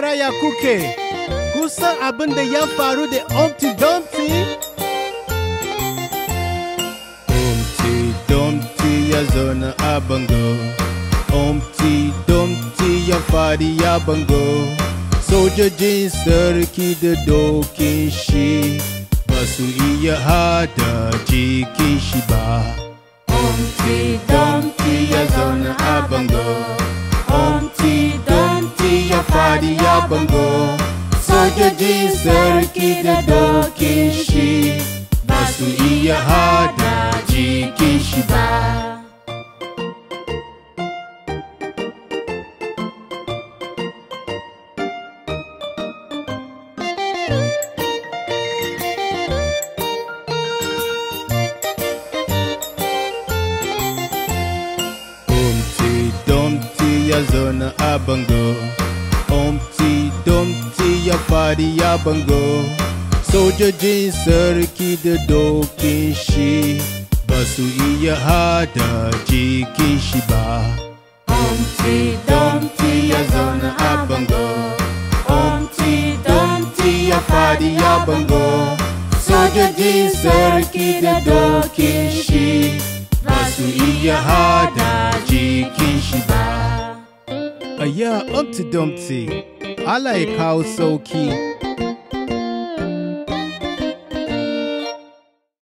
yara ya kuke kusan abin da ya faru da Humpty Dumpty Humpty Dumpty ya zauna a bango Humpty Dumpty ya fadi ya bango sojojin sarki da dokin shi ba su iya hada jikin shi ba Humpty Dumpty ya zauna a bango Humpty Dumpty ya fadi ya Bongo Sojoji Serki Dado Kishi Basu Iya Hada Jikishiba Dumpty ya zona Abango Om Dumpty ya fadi ya bango Soja jin sarki da dokin shi Ba iya hada jikin shi ba Humpty Dumpty ya zauna a bango Humpty Dumpty ya fadi ya bango Soja jin sarki da dokin shi Ba su iya hada jikin shi ba Aya Humpty Dumpty I like how so Soki